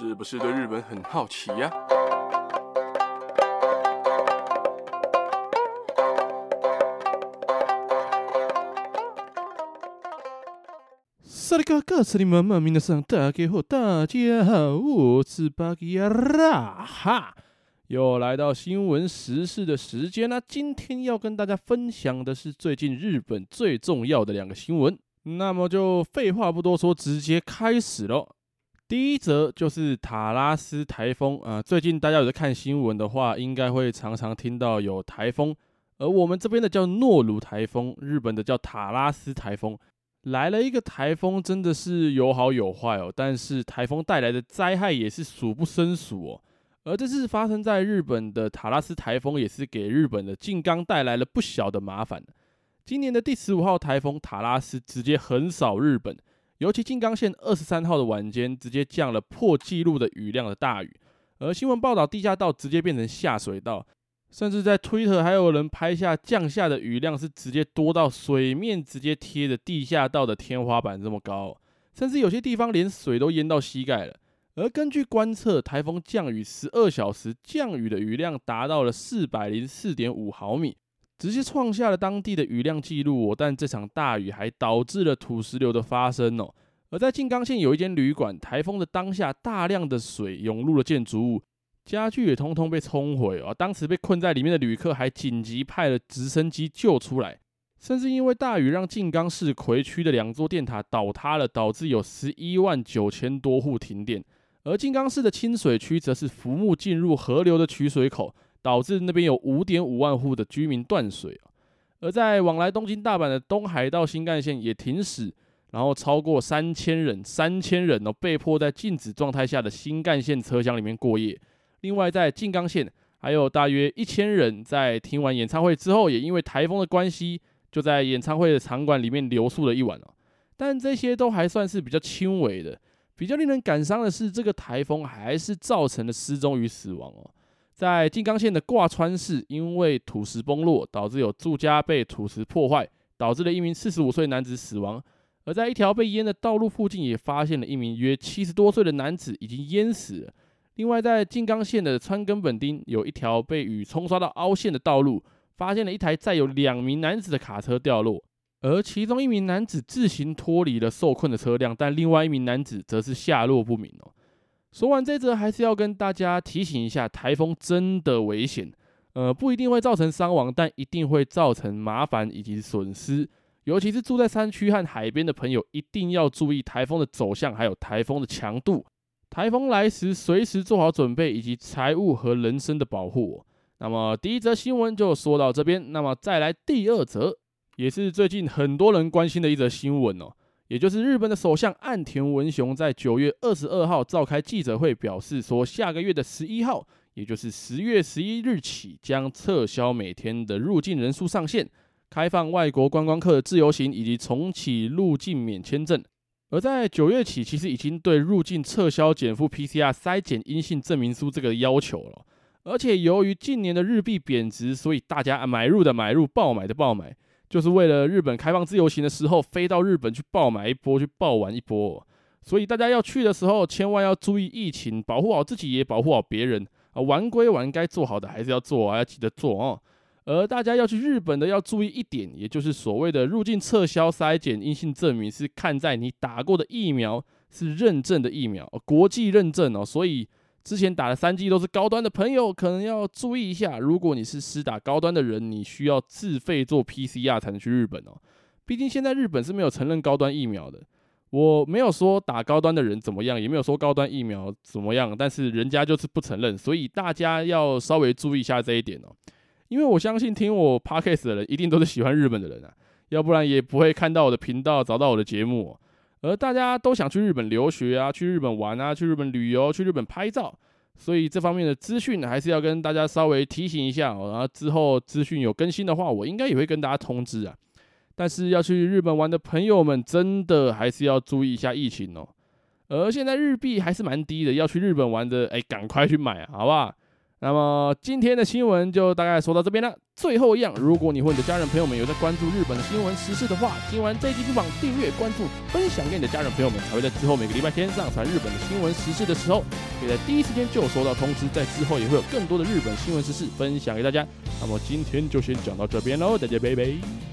是不是對日本很好奇呀，啊？哈！又來到新聞時事的時間啦，今天要跟大家分享的是最近日本最重要的兩個新聞。那麼就廢話不多說，直接開始嘍。第一則就是塔拉斯颱風啊，呃，最近大家有在看新聞的話，應該會常常聽到有颱風，而我們這邊的叫諾魯颱風，日本的叫塔拉斯颱風。來了一個颱風，真的是有好有壞哦。但是颱風帶來的災害也是數不勝數哦。而這次發生在日本的塔拉斯颱風，也是給日本的靜岡帶來了不小的麻煩。今年的第十五號颱風塔拉斯直接橫掃日本。尤其靜岡縣二十三號的晚間，直接降了破紀錄的雨量的大雨，而新聞報道，地下道直接變成下水道，甚至在推特還有人拍下降下的雨量是直接多到水面直接貼着地下道的天花板這麼高，甚至有些地方連水都淹到膝蓋了。而根據觀測，颱風降雨十二小時降雨的雨量達到了四百零四點五毫米。直接創下了當地的雨量記錄哦，但這場大雨還導致了土石流的發生哦。而在靜岡縣有一間旅館，台風的當下，大量的水湧入了建築物，家具也通通被沖毀哦。當時被困在裡面的旅客還緊急派了直升機救出來，甚至因為大雨讓靜岡市葵區的兩座電塔倒塌了，導致有十一萬九千多戶停電。而靜岡市的清水區則是浮木進入河流的取水口，導致那邊有五點五萬戶的居民斷水啊，而在往來東京、大阪的東海道新幹線也停駛，然後超過三千人，三千人哦、喔，被迫在靜止狀態下的新幹線車廂裡面過夜。另外，在靜岡縣還有大約一千人在聽完演唱會之後，也因為台風的關係，就在演唱會的場館裡面留宿了一晚、啊、但這些都還算是比較輕微的，比較令人感傷的是，這個台風還是造成了失蹤與死亡哦、啊。在靜岡縣的掛川市，因為土石崩落，導致有住家被土石破壞，導致了一名四十五歲男子死亡。而在一條被淹的道路附近，也發現了一名約七十多歲的男子已經淹死。另外，在靜岡縣的川根本町，有一條被雨沖刷到凹陷的道路，發現了一台載有兩名男子的卡車掉落，而其中一名男子自行脫離了受困的車輛，但另外一名男子則是下落不明哦。說完這則，還是要跟大家提醒一下，颱風真的危險，呃，不一定會造成傷亡，但一定會造成麻煩以及損失。尤其是住在山區和海邊的朋友，一定要注意颱風的走向，還有颱風的強度。颱風來時，隨時做好準備，以及財務和人身的保護哦。那麼，第一則新聞就說到這邊，那麼再來第二則，也是最近很多人關心的一則新聞哦。也就是日本的首相岸田文雄在九月二十二號召開記者會，表示說，下個月的十一號，也就是十月十一日起，將撤銷每天的入境人數上限，開放外國觀光客的自由行以及重啟入境免簽證。而在九月起，其實已經對入境撤銷檢附 PCR 篩檢陰性證明書這個要求了。而且由於近年的日幣貶值，所以大家買入的買入，爆買的爆買。就是為了日本開放自由行的時候，飛到日本去爆買一波，去爆玩一波。所以大家要去的時候，千萬要注意疫情，保護好自己，也保護好別人啊！玩歸玩，該做好的還是要做，要記得做哦。而大家要去日本的，要注意一點，也就是所謂的入境撤銷篩檢陰性證明，是看在你打過的疫苗是認證的疫苗，國際認證哦。所以。之前打的三劑都是高端的朋友，可能要注意一下。如果你是施打高端的人，你需要自費做 PCR 才能去日本哦。畢竟現在日本是沒有承認高端疫苗的。我沒有說打高端的人怎麼樣，也沒有說高端疫苗怎麼樣，但是人家就是不承認，所以大家要稍微注意一下這一點哦。因為我相信聽我 Podcast 的人一定都是喜歡日本的人啊，要不然也不會看到我的頻道，找到我的節目哦。而大家都想去日本留學啊，去日本玩啊，去日本旅遊，去日本拍照，所以這方面的資訊還是要跟大家稍微提醒一下哦。然後之後資訊有更新的話，我應該也會跟大家通知啊。但是要去日本玩的朋友們，真的還是要注意一下疫情哦。而現在日幣還是蠻低的，要去日本玩的，哎，趕快去買啊，好不好？那麼今天的新聞就大概說到這邊了。最後一樣，如果你和你的家人朋友們有在關注日本的新聞時事的話，聽完這一集不妨訂閱、關注、分享給你的家人朋友們，才會在之後每個禮拜天上傳日本的新聞時事的時候，可以在第一時間就收到通知。在之後也會有更多的日本新聞時事分享給大家。那麼今天就先講到這邊嘍，大家拜拜。